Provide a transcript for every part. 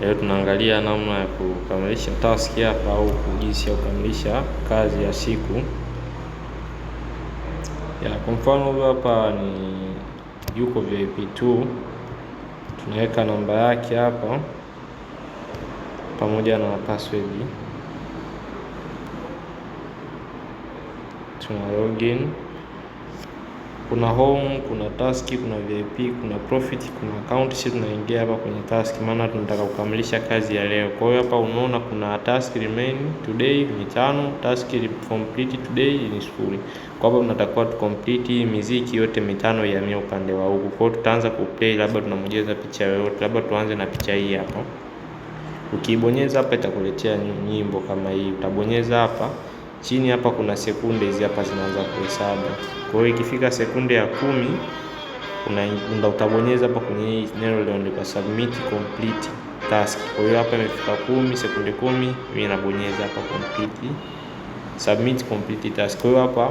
Leo tunaangalia namna ya kukamilisha task hapa au jinsi ya kukamilisha kazi ya siku ya. Kwa mfano hapa ni yuko VIP2, tunaweka namba yake hapa pamoja na password, tuna login kuna home, kuna task, kuna VIP, kuna profit, kuna account. Sisi tunaingia hapa kwenye task, maana tunataka kukamilisha kazi ya leo. Kwa hiyo hapa unaona kuna task remain today ni tano, task complete today ni sifuri. Kwa hapa tunatakiwa tu complete miziki yote mitano ya mio upande wa huku. Kwa hiyo tutaanza play, labda tunamjeza picha yoyote, labda tuanze na picha hii hapa. Ukibonyeza hapa itakuletea nyimbo kama hii, utabonyeza hapa Chini hapa kuna sekunde hizi hapa zinaanza kuhesabu. Kwa hiyo ikifika sekunde ya kumi unaenda utabonyeza hapa kwenye neno lililoandikwa submit complete task. Kwa hiyo hapa imefika kumi, sekunde kumi, mimi nabonyeza hapa complete submit complete task. Kwa hiyo hapa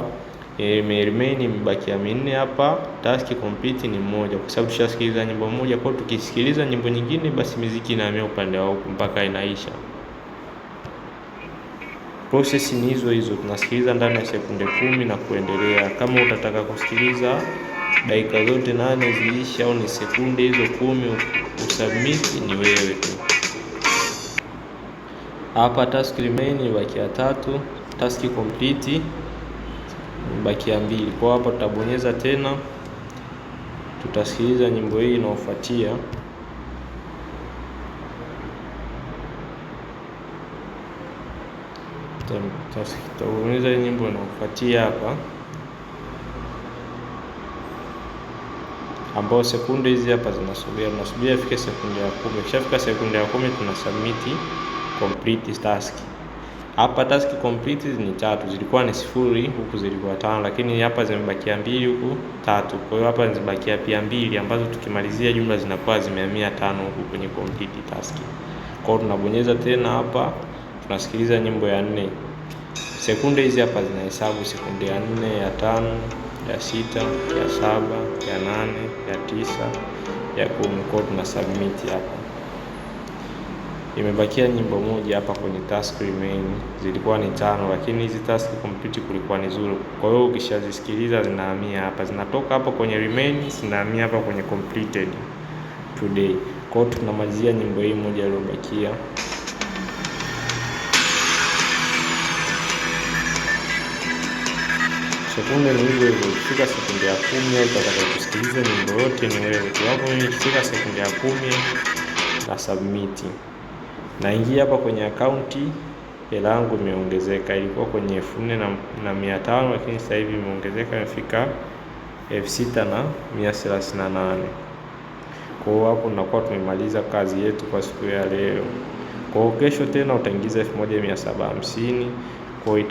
ime remain imebakia minne hapa, task complete ni moja, kwa sababu tushasikiliza nyimbo moja. Kwa hiyo tukisikiliza nyimbo nyingine, basi miziki inahamia upande wa huku mpaka inaisha. Prosesi ni hizo hizo, tunasikiliza ndani ya sekunde kumi na kuendelea. Kama utataka kusikiliza dakika zote nane ziisha au ni sekunde hizo kumi usubmit, ni wewe tu. Hapa task remain ya tatu, task complete ya mbili. Kwa hapa tutabonyeza tena, tutasikiliza nyimbo hii inayofuatia. tutatengeneza hii nyimbo inaofuatia hapa, ambao sekunde hizi hapa zinasubiri, tunasubia afike sekunde ya kumi. Ikishafika sekunde ya kumi tuna submit complete task. Hapa task complete ni tatu, zilikuwa ni sifuri huku zilikuwa tano, lakini hapa zimebakia mbili huku tatu. Kwa hiyo hapa zimebakia pia mbili ambazo tukimalizia jumla zinakuwa zimehamia tano huku kwenye complete task. Kwa hiyo tunabonyeza tena hapa tunasikiliza nyimbo ya nne. Sekunde hizi hapa zinahesabu sekunde ya nne, ya tano, ya sita, ya saba, ya nane, ya tisa, ya kumi. Kwa tuna submit hapa. Imebakia nyimbo moja hapa kwenye task remain, zilikuwa ni tano, lakini hizi task complete kulikuwa ni zuru. Kwa hiyo ukishazisikiliza zinahamia hapa, zinatoka hapa kwenye remain, zinahamia hapa kwenye completed today. Kwa hiyo tunamalizia nyimbo hii moja iliyobakia. sekunde ni wewe, ukifika sekunde ya kumi au utakapokusikiliza nyimbo yote ni wewe. Iwapo mimi nikifika sekunde ya kumi na submit, naingia hapa kwenye akaunti, hela yangu imeongezeka. Ilikuwa kwenye elfu nne na mia tano lakini sasa hivi imeongezeka imefika elfu sita na mia thelathini na nane. Kwa hiyo hapo tunakuwa tumemaliza kazi yetu kwa siku ya leo. Kwa hiyo kesho tena utaingiza elfu moja mia saba hamsini kwa hiyo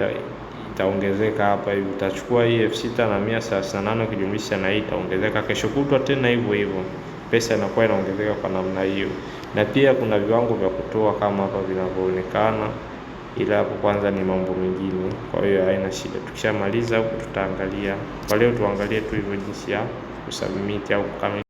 itaongezeka hapa hivi, utachukua hii elfu sita na mia thelathini na nane ukijumlisha na hii itaongezeka, kesho kutwa tena hivyo hivyo, pesa inakuwa inaongezeka kwa namna hiyo. Na pia kuna viwango vya kutoa kama hapa vinavyoonekana, ila hapo kwanza ni mambo mengine, kwa hiyo haina shida. Tukishamaliza huko tutaangalia. Kwa leo tuangalie tu hivyo jinsi ya kusubmit au kukamilisha.